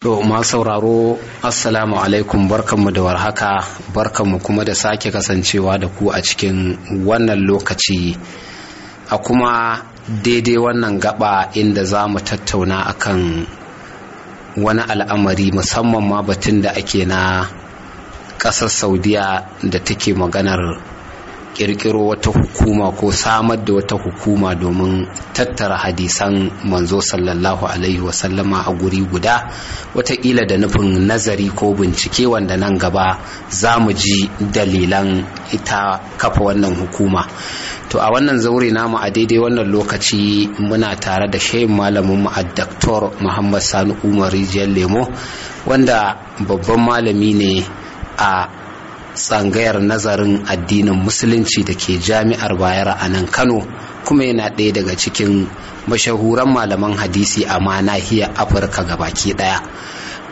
To sauraro Assalamu alaikum barkanmu da warhaka barkanmu kuma da sake kasancewa da ku a cikin wannan lokaci a kuma daidai wannan gaba inda za mu tattauna akan wani al'amari musamman ma batun da ake na ƙasar saudiya da take maganar kirkiro wata hukuma ko samar da wata hukuma domin tattara hadisan manzo sallallahu alaihi wasallama a guri guda watakila da nufin nazari ko bincike wanda nan gaba za mu ji dalilan ita kafa wannan hukuma to a wannan zaure namu a daidai wannan lokaci muna tare da shehin malamin mu a daktor muhammad sani umar rijiyar lemo wanda babban malami ne a tsangayar nazarin addinin musulunci da ke jami'ar bayero a nan kano kuma yana ɗaya daga cikin mashahuran malaman hadisi a ma nahiyar afirka baki ɗaya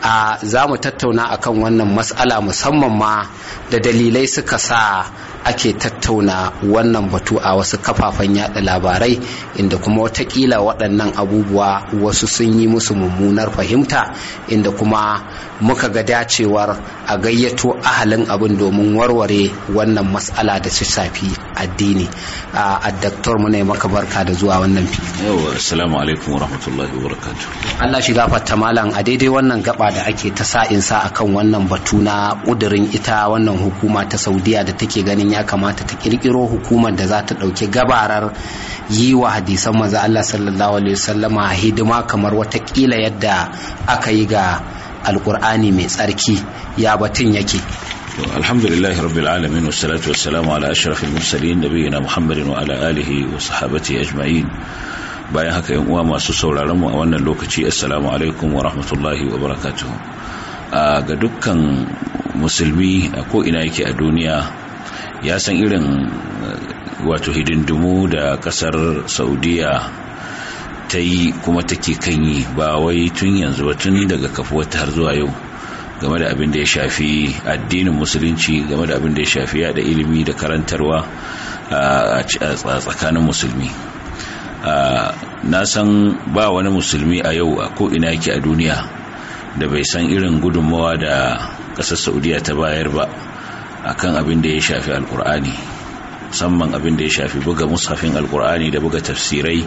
a za mu tattauna akan wannan matsala musamman ma da dalilai suka sa ake tattauna wannan batu a wasu kafafen yada labarai inda kuma watakila waɗannan abubuwa wasu sun yi musu mummunar fahimta inda kuma muka ga dacewar a gayyato ahalin abin domin warware wannan matsala da su shafi addini a mu ne maka barka da zuwa wannan fili yawa assalamu alaikum warahmatullahi wabarakatuh Allah malam a daidai wannan gaba da ake ta sa'in sa akan wannan batu na kudirin ita wannan hukuma ta Saudiya da take ganin ya kamata ta kirkiro hukumar da za ta ɗauki gabarar yi wa hadisan maza Allah sallallahu alaihi wasallama hidima kamar watakila yadda aka yi ga alkur'ani mai tsarki ya batun yake الحمد لله رب العالمين والصلاة والسلام على أشرف المرسلين نبينا محمد وعلى آله وصحابته ajma'in bayan haka yan uwa masu sauraron mu a wannan lokaci assalamu alaikum wa rahmatullahi wa barakatuhu ah, ga dukkan musulmi a ko ina yake a duniya ya san irin eh, wato hidindimu da kasar saudiya ta yi kuma take kan yi ba wai tun yanzu ba tun daga kafuwata har zuwa yau game da abin da ya shafi addinin musulunci game da abin da ya shafi yada ilimi da karantarwa a tsakanin musulmi na san ba wani musulmi a yau a ko'ina yake a duniya da bai san irin gudunmawa da ƙasar saudiya ta bayar ba akan abin da ya shafi alkur'ani musamman abin da ya shafi buga mushafin alkur'ani da buga tafsirai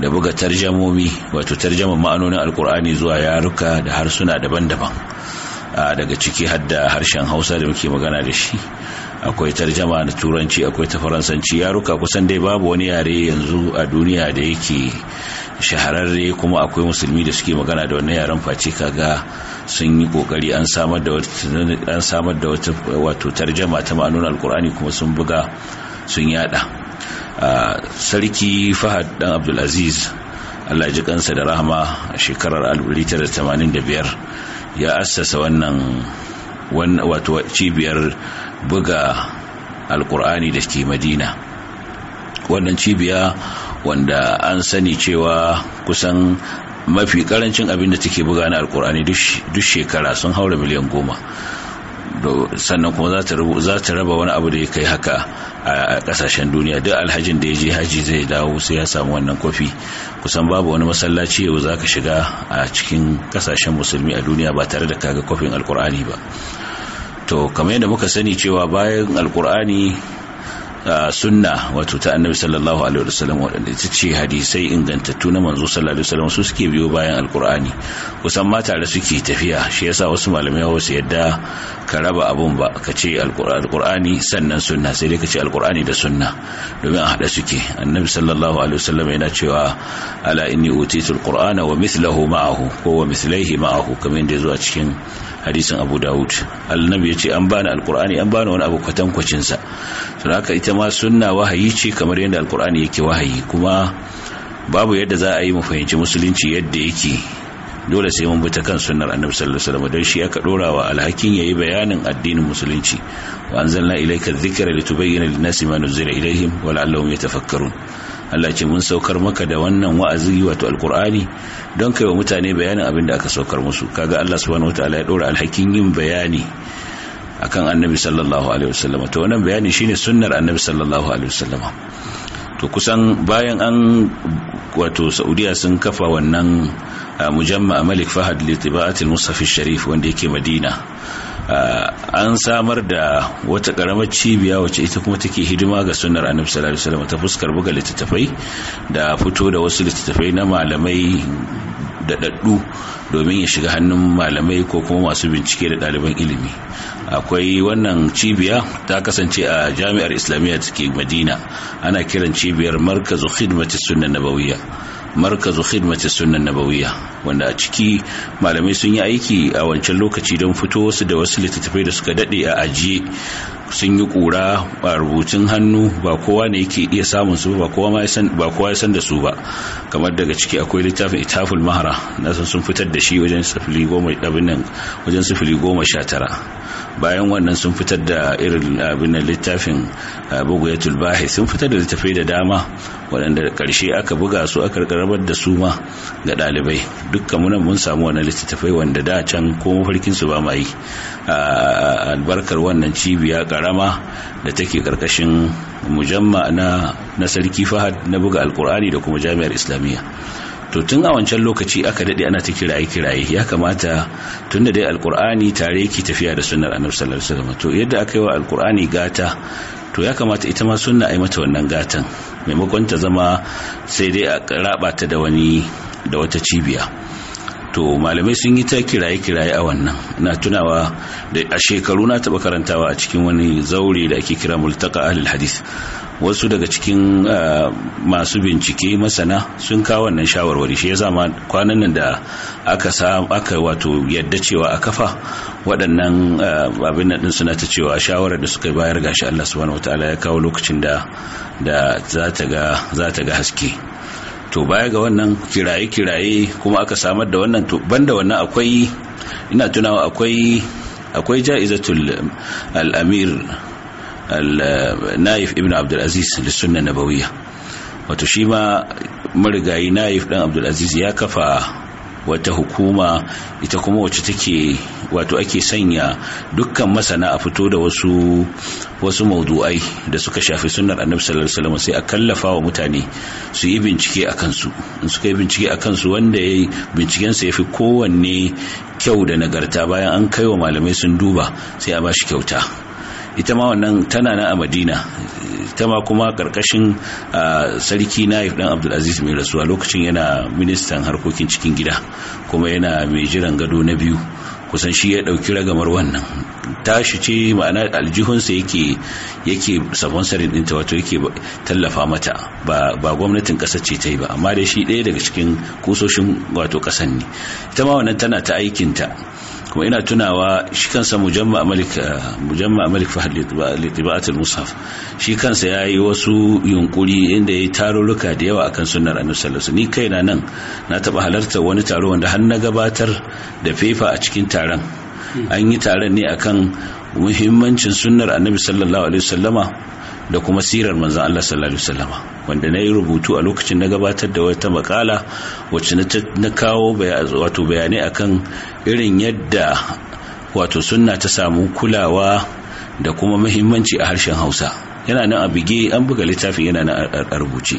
da buga tarjamomi wato tarjama ma'anonin alkur'ani zuwa yaruka da harsuna daban-daban daga ciki hadda harshen hausa da muke magana da shi akwai tarjama na turanci akwai ta faransanci yaruka kusan dai babu wani yare yanzu a duniya da yake shahararre kuma akwai musulmi da suke magana da wannan yaren face kaga sun yi kokari an samar da an samar da wata wato tarjama ta ma'anun alkur'ani kuma sun buga sun yada sarki fahad dan abdulaziz allah ji kansa da rahama a shekarar 1985 ya assasa wannan wato cibiyar buga alƙur'ani da ke madina wannan cibiya wanda an sani cewa kusan mafi karancin abin da take buga na alkur'ani duk shekara sun haura miliyan goma sannan kuma za ta raba wani abu da ya kai haka a kasashen duniya duk alhajin da ya je haji zai dawo sai ya samu wannan kwafi kusan babu wani masallaci yau za ka shiga a cikin kasashen musulmi a duniya ba tare da kaga kwafin alkur'ani ba to kamar yadda muka sani cewa bayan alkur'ani sunna wato ta annabi sallallahu alaihi wasallam waɗanda ita ce hadisai ingantattu na manzo sallallahu alaihi wasallam su suke biyo bayan alkur'ani kusan ma tare suke tafiya shi yasa wasu malamai wasu yadda ka raba abun ba ka ce alkur'ani sannan sunna sai dai ka ce alkur'ani da sunna domin a haɗa suke annabi sallallahu alaihi wasallam yana cewa ala inni utitu alqur'ana wa mithlahu ma'ahu ko wa mithlaihi ma'ahu kamar yadda ya zo a cikin hadisin abu dawud annabi ya ce an bani alkur'ani an bani wani abu kwatankwacin sa to haka ita ma sunna wahayi ce kamar yadda alkur'ani yake wahayi kuma babu yadda za a yi mu fahimci musulunci yadda yake dole sai mun bi ta kan sunnar annabi sallallahu alaihi wasallam dan shi aka dora wa alhakin yayi bayanin addinin musulunci wa anzalna ilayka dhikra litubayyana lin-nasi ma nuzila ilayhim wa la'allahum yatafakkarun Allah ce mun saukar maka da wannan wa'azi wato alkur'ani don kai wa mutane bayanin abin da aka saukar musu kaga Allah subhanahu wataala ya dora alhakin yin bayani akan annabi sallallahu alaihi wasallam to wannan bayani shine sunnar annabi sallallahu alaihi wasallam to kusan bayan an wato saudiya sun kafa wannan ah, mujamma malik fahad li tibaat al-mushaf sharif wanda yake madina Ah, an samar da wata karamar cibiya wacce ita kuma take hidima ga sunnar annabi sallallahu alaihi ta fuskar buga littattafai da fito da wasu littattafai na malamai da daddu domin ya shiga hannun malamai ko kuma masu bincike da ɗaliban ilimi akwai wannan cibiya ta kasance a jami'ar islamiyya ke madina ana kiran cibiyar markazu khidmatis sunnah nabawiyya markazu khidmati sunan nabawiyya wanda a ciki malamai sun yi aiki a wancan lokaci don fito wasu da wasu littattafai da suka dade a ajiye sun yi kura a rubutun hannu ba kowa ne yake iya samun su ba kowa ya san da su ba kamar daga ciki akwai littafin itaful mahara na sun fitar da shi wajen sifili goma nan wajen sifili goma sha tara bayan wannan sun fitar da irin abin littafin eh, bugayatul sun fitar da littafai da dama waɗanda ƙarshe aka buga su aka rabar da su ma ga ɗalibai dukkan mun samu wani littattafai wanda da can ko mafarkin su ba ma yi albarkar wannan cibiya karama da take karkashin mujamma na na sarki fahad na buga alkur'ani da kuma jami'ar islamiyya to tun a wancan lokaci aka daɗe ana ta kiraye kiraye ya kamata tun da dai alkur'ani tare yake tafiya da sunnar annabi sallallahu alaihi wasallam to yadda aka yi wa alkur'ani gata to ya kamata ita ma sunna a mata wannan gatan maimakon ta zama sai dai a raba ta da wani da wata cibiya to malamai sun yi ta kiraye-kiraye a wannan na tunawa da a shekaru na taɓa karantawa a cikin wani zaure da ake kira multaka ahlul hadith wasu daga cikin ah, masu bincike masana sun kawo wannan shawarwari shi ya zama kwanan nan da aka aka wato yadda cewa a kafa waɗannan ah, abin nan suna ta cewa shawarar da suka bayar gashi Allah subhanahu wataala ya kawo lokacin da da za ta ga haske to baya ga wannan kiraye-kiraye kuma aka samar da wannan to banda wannan akwai ina tunawa akwai akwai ja'izatul al-amir al-naif ibn abdulaziz lissunna nabawiyya wato shi ma marigayi naif dan abdulaziz ya kafa wata hukuma ita kuma wacce take wato ake sanya dukkan masana a fito da wasu wasu maudu'ai da suka shafi sunnar annabi sallallahu alaihi wasallam sai a kallafa wa mutane su yi bincike a kansu in suka yi bincike a kansu wanda ya binciken sa yafi kowanne kyau da nagarta bayan an kai wa malamai sun duba sai a bashi kyauta ita ma wannan tana nan a madina ita ma kuma karkashin sarki naif dan abdulaziz mai rasuwa lokacin yana ministan harkokin cikin gida kuma yana mai jiran gado na biyu kusan shi ya dauki ragamar wannan tashi ce ma'ana aljihunsa yake yake sarin dinta wato yake tallafa mata ba gwamnatin kasar ce ta yi ba amma da shi ɗaya daga cikin kusoshin wato kasan ne ita ma wannan tana ta aikinta kuma ina tunawa shi kansa mujamma malik eh, mujamma malik al-mushaf shi kansa ya yi wasu yunkuri inda yayi tarurruka da yawa akan sunnar annabi sallallahu alaihi wasallam ni kaina nan na taba halarta wani taro wanda har na gabatar da fefa a cikin taron hmm. an yi taron ne akan muhimmancin sunnar annabi sallallahu alaihi wasallama da kuma sirar manzan Allah sallallahu alaihi wasallam wanda na yi rubutu a lokacin na gabatar da wata makala wacce na kawo wato bayanai akan irin yadda wato sunna ta samu kulawa da kuma muhimmanci a harshen Hausa yana nan a bige an buga littafin yana nan a rubuce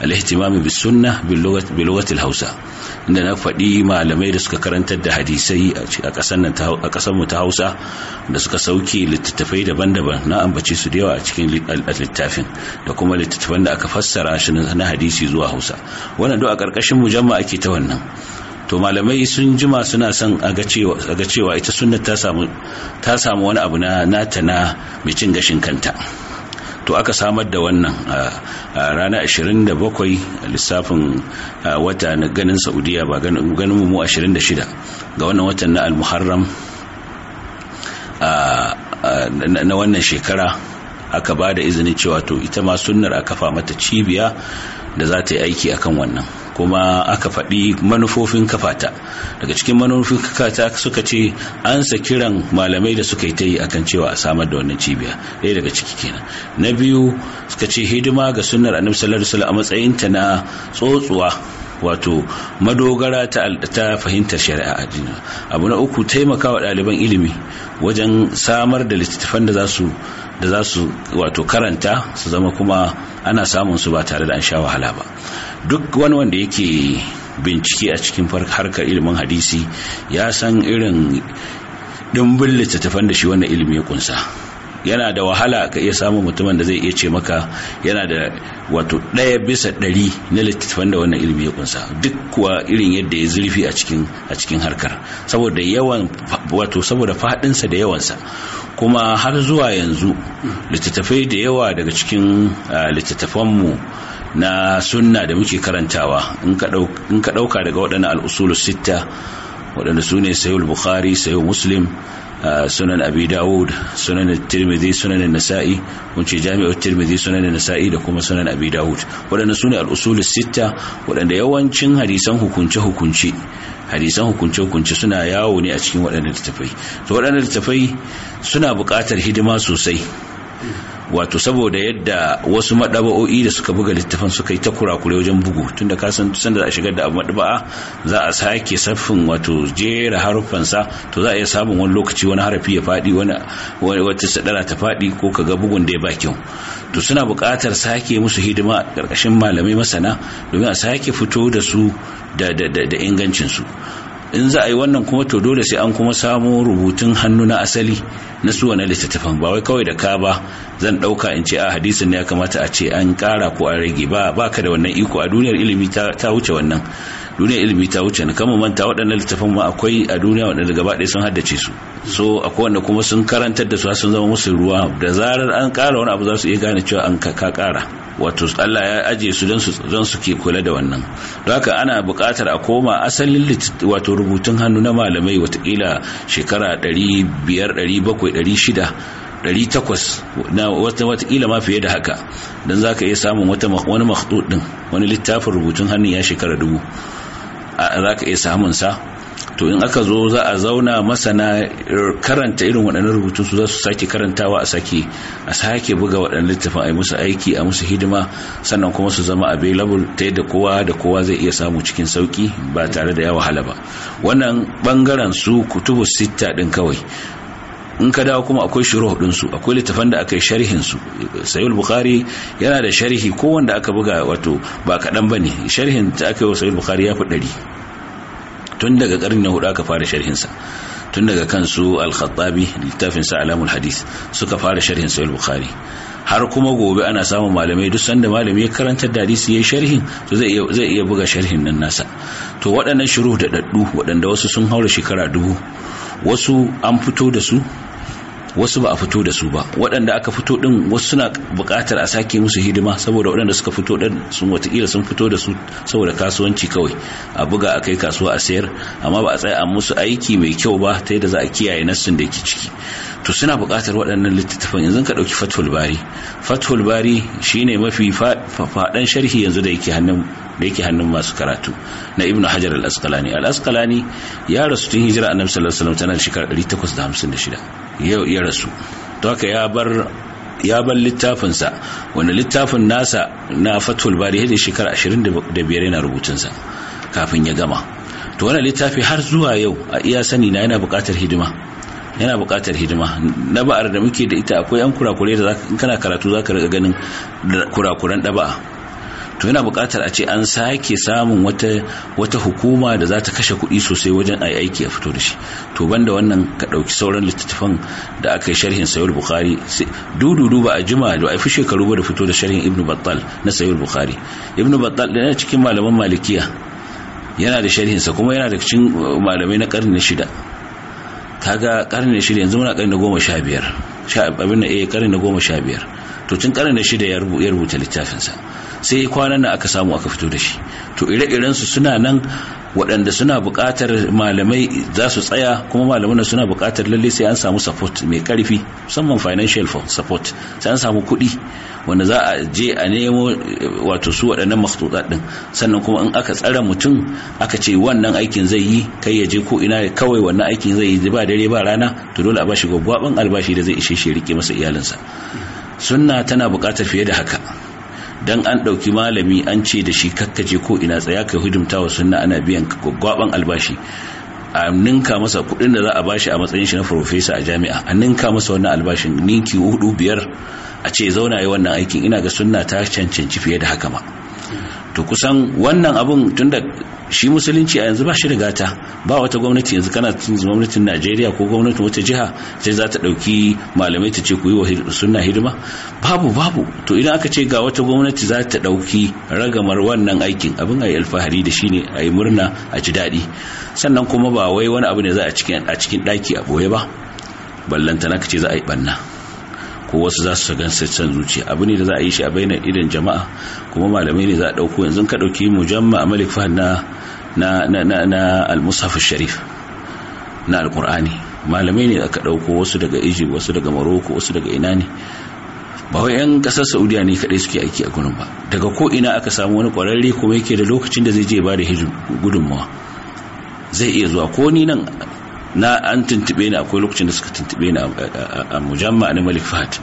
al ihtimami bis sunnah bil hausa inda na faɗi malamai da suka karantar da hadisai a ƙasar nan a ƙasar mu ta Hausa da suka sauke littattafai daban-daban na ambace su da yawa a cikin littafin da kuma littattafan da aka fassara shi na hadisi zuwa Hausa wannan duk a ƙarƙashin mujamma ake ta wannan to malamai sun jima suna son a ga cewa ita sunna ta samu wani abu na nata na mai cin gashin kanta to aka samar da wannan a ranar 27 lissafin wata na ganin saudiya ba ganin mu 26 ga wannan watan na al-muharram na wannan shekara aka ba da izinin cewa to ita ma sunnar a kafa mata cibiya da za ta yi aiki akan wannan kuma aka faɗi manufofin kafata daga cikin manufofin kafata suka ce an sa kiran malamai da suka yi ta yi akan cewa a samar da wannan cibiya ɗaya daga ciki kenan na biyu suka ce hidima ga sunnar annabi sallallahu alaihi wasallam a matsayinta na tsotsuwa wato madogara ta fahimtar shari'a addini abu na uku taimakawa ɗaliban ilimi wajen samar da littattafan da za su da za su wato karanta su zama kuma ana samun su ba tare da an sha wahala ba duk wani wanda yake bincike a cikin harkar ilimin hadisi ya san irin dimbin littattafan da shi wannan ilimi ya kunsa yana da wahala ka iya samun mutumin da zai iya ce maka yana da wato ɗaya bisa ɗari na littattafan da wannan ilimi ya kunsa duk kuwa irin yadda ya zurfi a cikin a cikin harkar saboda yawan wato saboda faɗinsa da yawansa kuma har zuwa yanzu littattafai da yawa daga cikin littattafanmu na sunna da muke karantawa in ka ɗauka daga waɗannan al'usulu sitta waɗanda su ne sayo bukhari sayo muslim sunan abi dawud sunan tirmidhi sunan nasa'i wance jami'u tirmidhi sunan nasa'i da kuma sunan abi dawud waɗanda sune al-usul sitta waɗanda yawancin hadisan hukunce hukunce hadisan hukunce hukunce suna yawo ne a cikin waɗanda littafai to waɗanda littafai suna buƙatar hidima sosai wato saboda yadda wasu madaba'o'i da suka buga littafin suka yi ta kurakure wajen bugu tunda ka san sanda a shigar da abu madaba'a za a sake saffin wato jera harufansa to za a iya samun wani lokaci wani harafi ya faɗi wani wata sadara ta faɗi ko ka ga bugun da ya ba kyau to suna buƙatar sake musu hidima a ƙarƙashin malamai masana domin a sake fito da su da ingancinsu in za a yi wannan kuma to dole sai an kuma samu rubutun hannu na asali na su wani littattafan ba wai kawai da ka ba zan ɗauka in ce a hadisin ya kamata a ce an ƙara ko an rage ba ba ka da wannan iko a duniyar ilimi ta wuce wannan duniyar ilimi ta wuce na kama manta waɗannan littattafan ma akwai a duniya waɗanda gaba ɗaya sun haddace su so akwai wanda kuma sun karantar da su sun zama musu ruwa da zarar an ƙara wani abu za su iya gane cewa an ka ƙara wato Allah ya aje su don su don su ke kula da wannan don haka ana buƙatar a koma asalin wato rubutun hannu na malamai watakila shekara 500 700 600 takwas na watakila ma fiye da haka don za ka iya samun wani makhdud din wani littafin rubutun hannu ya shekara dubu za ka iya samun sa to in aka zo za a zauna masana karanta irin waɗannan rubutu su za su sake karantawa a sake a sake buga waɗannan littafin a musu aiki a musu hidima sannan kuma su zama available ta yadda kowa da kowa zai iya samu cikin sauki ba tare da ya wahala ba wannan bangaren su kutubu sitta din kawai in ka dawo kuma akwai shuruh din akwai littafan da aka yi sharhin su yana da sharhi ko aka buga wato ba kadan ne sharhin da aka yi wa sayul bukhari ya fi ɗari tun daga karni na hudu aka fara sharhinsa tun daga kansu al-khattabi littafin sa alamul hadith suka fara sharhin sahih bukhari har kuma gobe ana samun malamai duk sanda malami ya karanta da hadisi yayin sharhin to zai iya zai iya buga sharhin nan nasa to waɗannan shuruh da daddu waɗanda wasu sun haura shekara dubu wasu an fito da su wasu ba a fito da su ba waɗanda aka fito din wasu suna buƙatar a sake musu hidima saboda waɗanda suka fito din sun watakila sun fito da su saboda kasuwanci kawai a buga a kai kasuwa a sayar amma ba a tsaya a musu aiki mai kyau ba ta yadda za a kiyaye nassin da ke ciki to suna buƙatar waɗannan littattafan yanzu ka ɗauki fatul bari fatul bari shine mafi faɗan sharhi yanzu da yake hannun da yake hannun masu karatu na ibn hajar al-asqalani al-asqalani ya rasu tun hijira annabi sallallahu alaihi wasallam tana shekarar 856 yau ya rasu to haka ya bar ya bar littafinsa wanda littafin nasa na fatul bari hajji shekara 25 yana rubutunsa kafin ya gama to wannan littafi har zuwa yau a iya sani na yana buƙatar hidima yana buƙatar hidima na ba'ar da muke da ita akwai yan kurakurai da kana karatu zaka riga ganin kurakuran ɗaba'a to yana buƙatar a ce an sake samun wata wata hukuma da za ta kashe kuɗi sosai wajen ai aiki a fito da shi to banda wannan ka ɗauki sauran littattafan da aka yi sharhin sayul bukhari dududu ba a jima da a fi shekaru ba da fito da sharhin ibnu battal na sayul bukhari ibnu battal yana cikin malaman malikiya yana da sharhinsa kuma yana da cikin uh, malamai na ƙarni na shida kaga ƙarni na shida yanzu muna ƙarni na goma sha biyar abin na eh ƙarni na goma sha biyar to tun ƙarni na shida ya rubuta littafinsa sai kwanan nan aka samu aka fito da shi to ire-iren su suna nan waɗanda suna buƙatar malamai za su tsaya kuma malaman suna buƙatar lalle sai an samu support mai ƙarfi musamman financial support sai an samu kuɗi wanda za a je a nemo eh, wato su waɗannan makhlutat ɗin sannan kuma in aka tsara mutum aka ce wannan aikin zai yi kai ya je ko ina kawai wannan aikin zai yi ba dare ba rana to dole a bashi gwaggwaɓin albashi da zai ishe shi rike masa iyalinsa sunna tana buƙatar fiye da haka dan an ɗauki malami an ce da shi kakkaje ko ina tsaya ka hidimta wa sunna ana biyan gwaban albashi a ninka masa kuɗin da za a bashi a matsayin shi na farfesa a jami'a a ninka masa wannan albashin ninki hudu biyar a ce zauna yi wannan aikin ina ga sunna ta cancanci fiye da haka ma to kusan wannan abun tunda shi musulunci a yanzu ba shi rigata gata ba wata gwamnati yanzu kana cin gwamnatin Najeriya ko gwamnatin wata jiha sai za ta dauki malamai ta ce ku yi wa sunna hidima babu babu to idan aka ce ga wata gwamnati za ta dauki ragamar wannan aikin abin ayi alfahari da shine ayi murna a ji daɗi sannan kuma ba wai wani abu ne za a cikin a cikin daki a boye ba ballantana ka ce za a yi banna ko wasu za su gan san zuciya abu ne da za a yi shi a bainar idan jama'a kuma malamai ne za a ɗauko yanzu ka ɗauki mujamma malik fahad na na na na al-mushaf sharif na al-qur'ani malamai ne aka ɗauko wasu daga egypt wasu daga morocco wasu daga ina ne ba wai yan kasar saudiya ne kadai suke aiki a gurin ba daga ko ina aka samu wani kwararre kuma yake da lokacin da zai je ba da gudunmawa zai iya zuwa ko ni nan na an tuntube ni akwai lokacin da suka tuntube ni a mujamma na malik fahad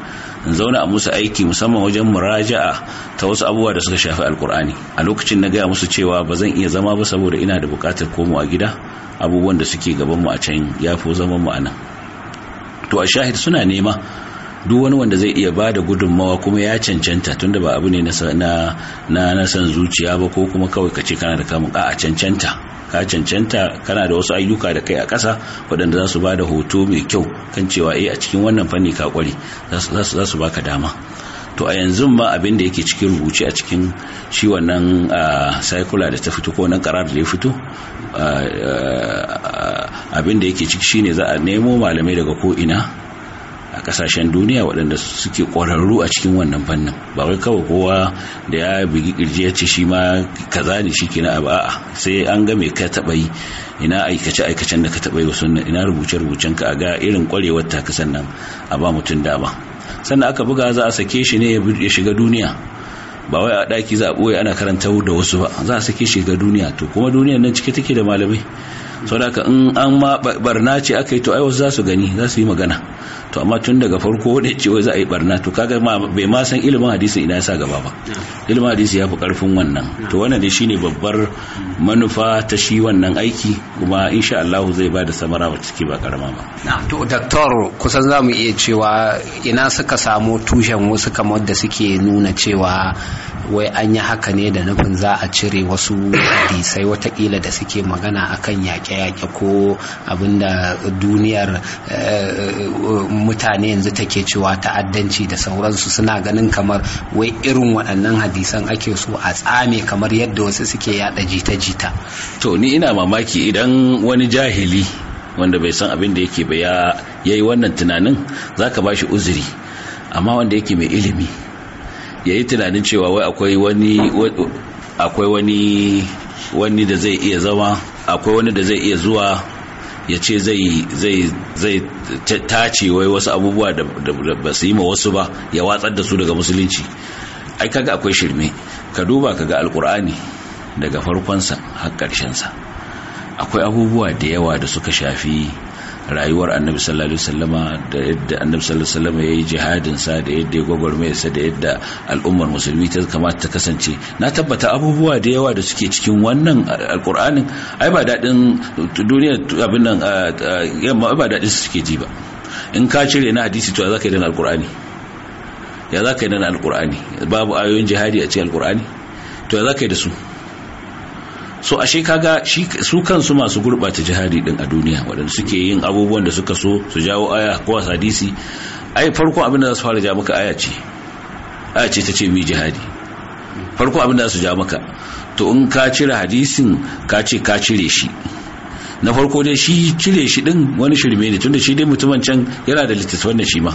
in zauna a musu aiki musamman wajen muraja'a ta wasu abubuwa da suka shafi alkur'ani a lokacin na gaya musu cewa ba zan iya zama ba saboda ina da bukatar komowa gida abubuwan da suke gaban mu a can ya fi zaman mu a nan to a shahid suna nema duk wani wanda zai iya ba da gudunmawa kuma ya cancanta tunda ba abu ne na na san zuciya ba ko kuma kawai ka ce kana da kamun a cancanta ka cancanta kana da wasu ayyuka da kai a kasa waɗanda za su ba da hoto mai kyau kan cewa eh a cikin wannan fanni ka kware za su baka dama to a yanzu ma abin da yake cikin rubuce a cikin shi wannan circular da ta fito ko wannan karar da ya fito abin da yake ciki shine za a nemo malamai daga ko ina a kasashen duniya waɗanda suke ƙwararru a cikin wannan fannin ba wai kawai kowa da ya bugi kirji ya ce shi ma kaza ne shi kina abu a'a sai an ga mai ka taɓa yi ina aikace aikacen da ka taɓa yi wasu ina rubuce rubucen ka a ga irin ƙwarewar ta kasan nan a ba mutum dama sannan aka buga za a sake shi ne ya shiga duniya ba wai a ɗaki za a ɓoye ana karanta da wasu ba za a sake shi ga duniya to kuma duniyar nan cike take da malamai so da in an ma barna ce aka yi to aiwasu za su gani za su yi magana to amma tun daga farko da ce wai za a yi barna to kaga bai ma san ilimin hadisin ina ya sa gaba ba ilimin hadisi ya fi karfin wannan to wannan ne shine babbar manufa ta shi wannan aiki kuma insha Allah zai bada da samara ba ciki ba karama ba to doctor kusan za mu iya cewa ina suka samu tushen wasu kamar da suke nuna cewa wai an yi haka ne da nufin za a cire wasu hadisai watakila da suke magana akan yaƙe yaƙe ko ko abinda duniyar eh, mutane yanzu take cewa ta'addanci da sauransu suna ganin kamar wai irin waɗannan hadisan ake so a tsame kamar yadda wasu suke yada jita-jita to ni ina mamaki idan wani jahili wanda bai san abin da yake ba ya yi wannan tunanin za ka ba uzuri amma wanda yake mai ilimi ya yi tunanin cewa wai akwai wani akwai wani wani da zai iya zama akwai wani da zai iya zuwa ya ce zai tace wai wasu abubuwa da ba su yi ma wasu ba ya watsar da su daga musulunci ai kaga akwai shirme ka duba kaga alkur'ani daga farkonsa har sa akwai abubuwa da yawa da suka shafi rayuwar annabi sallallahu alaihi wasallama da yadda annabi sallallahu alaihi wasallama yayi jihadin sa da yadda gwagwarmaya sa da yadda al'ummar musulmi ta kamata ta kasance na tabbata abubuwa da yawa da suke cikin wannan alqur'anin ai ba dadin duniya abin nan yamma ba dadin suke ji ba in ka cire na hadisi to za ka yi da alqur'ani ya za ka yi da alqur'ani babu ayoyin jihadi a cikin alqur'ani to ya za ka yi da su so ashe kaga su kansu masu gurɓata jihadi din a duniya waɗanda suke yin abubuwan da suka so su jawo aya ko hadisi ai farko abin da za su fara ja maka aya ce aya ce ta ce mi jihadi farko abin da za su ja maka to in ka cire hadisin ka ce ka cire shi na farko dai shi cire shi din wani shirme ne tunda shi dai mutumin can yana da littattafan da shi ma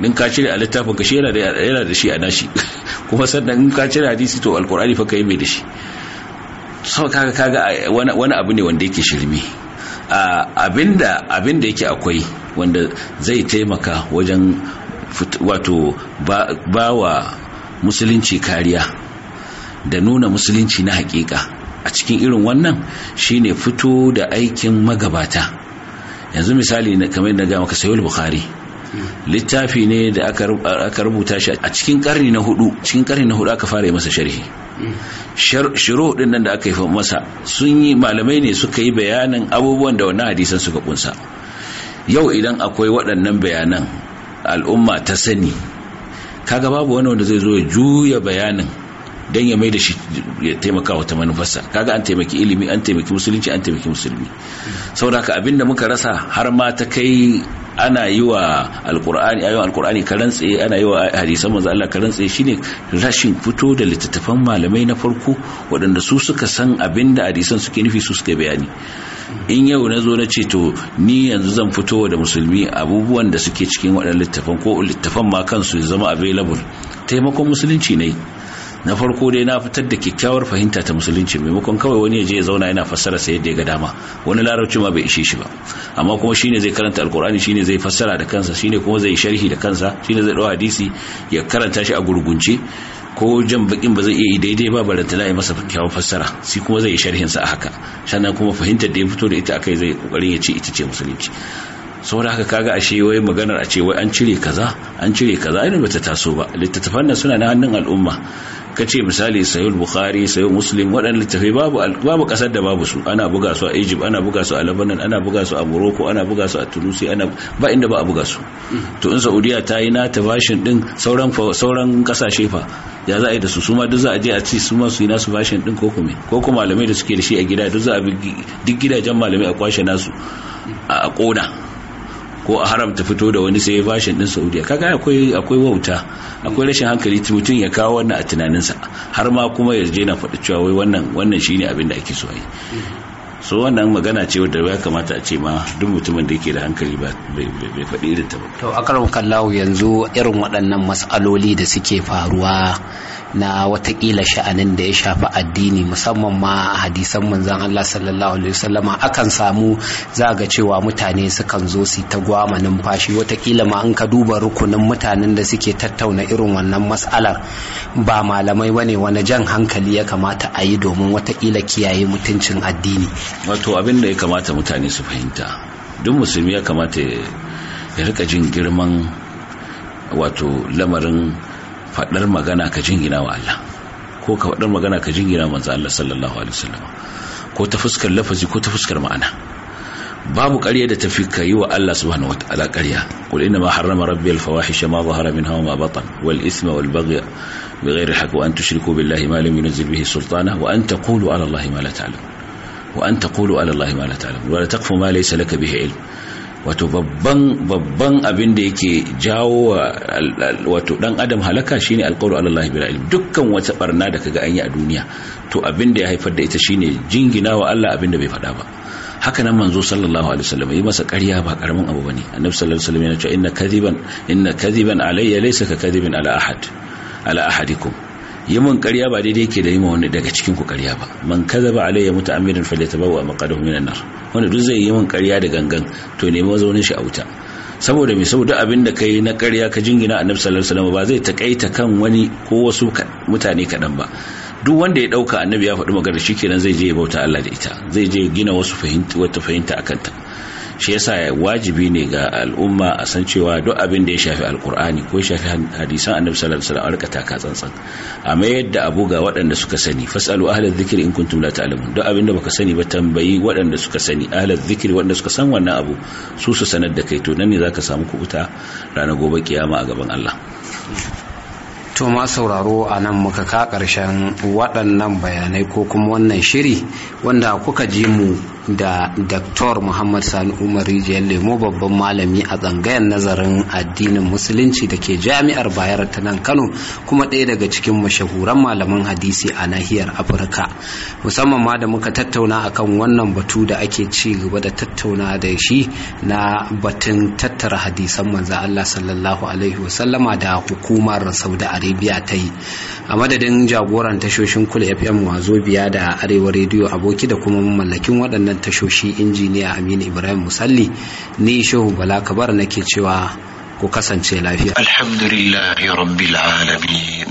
din ka cire a littafin ka shi yana da shi a nashi kuma sannan in ka cire hadisi to alkur'ani fa kai mai da shi so kaga kaga wani abu ne wanda yake shirme abinda abinda yake akwai wanda zai taimaka wajen wato ba wa musulunci kariya da nuna musulunci na hakika a cikin irin wannan shine fito da aikin magabata yanzu misali kamar yadda ga maka sayul bukhari littafi ne da aka rubuta shi a cikin karni na hudu cikin karni na hudu aka fara masa sharhi shiro din nan da aka yi masa sun yi malamai ne suka yi bayanin abubuwan da wannan hadisan suka kunsa yau idan akwai waɗannan bayanan al'umma ta sani kaga babu wani wanda zai zo ya juya bayanin don ya mai da shi ya taimaka wata manufarsa kaga an taimaki ilimi an taimaki musulunci an taimaki musulmi saboda haka abinda muka rasa har ma ta kai ana yi wa alkur'ani ayoyin alkur'ani karan ana yi wa hadisan manzo Allah karan shine rashin fito da littattafan malamai na farko waɗanda su suka san abin da hadisan suke nufi su suka bayani in yau na zo na ce to ni yanzu zan fito da musulmi abubuwan da suke cikin waɗannan littattafan ko littattafan ma kansu zama available taimakon musulunci ne na farko dai na fitar da kyakkyawar fahimta ta musulunci maimakon kawai wani ya je ya zauna yana fassara sai yadda ya ga dama wani larabci ma bai ishe shi ba amma kuma shine zai karanta alkur'ani shine zai fassara da kansa shine kuma zai sharhi da kansa shine zai dawo hadisi ya karanta shi a gurgunce ko jan bakin ba zai iya yi daidai ba bare na yi masa kyawun fassara shi kuma zai yi sharhin sa a haka sannan kuma fahimtar da ya fito da ita akai zai kokarin ya ce ita ce musulunci saboda haka kaga ashe wai maganar a ce wai an cire kaza an cire kaza ba bata taso ba littattafan nan suna na hannun al'umma ka ce misali sayul bukhari sayul muslim waɗanda littafai babu babu ƙasar da babu su ana buga su a egypt ana buga su a lebanon ana buga su a morocco ana buga su a tunisia ana ba inda ba a buga su to in saudiya ta yi nata bashin din sauran sauran ƙasashe fa ya za a yi da su su duk za a je a ci su ma su yi nasu bashin din ko kuma ko kuma malamai da suke da shi a gida duk za a bi duk gidajen malamai a kwashe nasu a ƙona ko a haramta fito da wani sai bashin din saudiya kaga akwai akwai wauta akwai rashin hankali mutum ya kawo wannan a tunaninsa har ma kuma ya je na faɗi cewa wai wannan wannan shine abin da ake so yi so wannan magana ce wadda ya kamata a ce ma duk mutumin da yake da hankali ba bai faɗi irin ta ba to akaramu kallahu yanzu irin waɗannan masaloli da suke faruwa na watakila sha'anin da ya shafi addini musamman ma hadisan manzan Allah sallallahu alaihi wasallama akan samu zaga cewa mutane sukan zo su ta gwama numfashi watakila ma an ka duba rukunin mutanen da suke tattauna irin wannan matsalar ba malamai bane wani jan hankali ya kamata a yi domin watakila kiyaye mutuncin addini wato abin da ya kamata mutane su fahimta duk musulmi ya kamata ya rika jin girman wato lamarin faɗar magana ka jingina wa Allah ko ka faɗar magana ka jingina manzo Allah sallallahu alaihi wasallam ko ta fuskar lafazi ko ta fuskar ma'ana babu ƙarya da tafi ka yi wa Allah subhanahu wataala ƙarya qul inna ma harrama rabbi al fawahisha ma zahara minha wa ma batan wal ithma wal baghy bighayri al haqq wa an tushriku billahi ma lam yunzil bihi sultana wa an taqulu ala allahi ma la ta'lamun wa an taqulu ala allahi ma la ta'lamun wa la taqfu ma laysa laka bihi ilm wato babban babban abin da yake jawo wato dan adam halaka shine alqawlu ala allahi ilm dukkan wata barna da kaga an yi a duniya to abin da ya haifar da ita shine jingina wa Allah abin da bai faɗa ba haka nan manzo sallallahu alaihi wasallam yi masa ƙarya ba karamin abu bane annabi sallallahu alaihi wasallam ya ce inna kadhiban inna kadhiban alayya laysa ka kadhibin ala ahad ala ahadikum yi mun ƙarya ba daidai ke da yi ma wani daga cikin ku ƙarya ba man kaza ba alayya muta amidan falyatabawa maqadahu minan nar wanda duk zai yi mun ƙarya da gangan to nemi mazaunin shi a wuta saboda mai saboda abin da kai na ƙarya ka jingina annabi sallallahu alaihi wasallam ba zai takaita kan wani ko wasu mutane kaɗan ba duk wanda ya ɗauka annabi ya faɗi magana shi shikenan zai je ya bauta Allah da ita zai je gina wasu fahimta wata fahimta akan ta shi yasa wajibi ne ga al'umma a san cewa duk abin da ya shafi alkur'ani ko ya shafi hadisan annabi sallallahu alaihi wasallam a rika tsantsan amma yadda abu ga waɗanda suka sani fasalu ahlal dhikri in kuntum la ta'lamun duk abin da baka sani ba tambayi waɗanda suka sani ahlal dhikri waɗanda suka san wannan abu su su sanar da kai to nan ne zaka samu kubuta ranar gobe kiyama a gaban Allah to ma sauraro a nan muka ka ƙarshen waɗannan bayanai ko kuma wannan shiri wanda kuka ji mu da Dr. Muhammad Sani Umar Rijiyar Lemo babban malami a tsangayar nazarin addinin musulunci da ke jami'ar Bayar ta nan Kano kuma ɗaya daga cikin mashahuran malaman hadisi a nahiyar Afirka musamman ma da muka tattauna a kan wannan batu da ake ci gaba da tattauna da shi na batun tattara hadisan manza Allah sallallahu alaihi wasallama da hukumar Saudi Arabia ta yi a madadin jagoran tashoshin kula FM wazo biya da arewa rediyo aboki da kuma mallakin waɗannan wannan tashoshi injiniya aminu ibrahim musalli ni shehu bala kabar nake cewa ku kasance lafiya alhamdulillahi rabbil alamin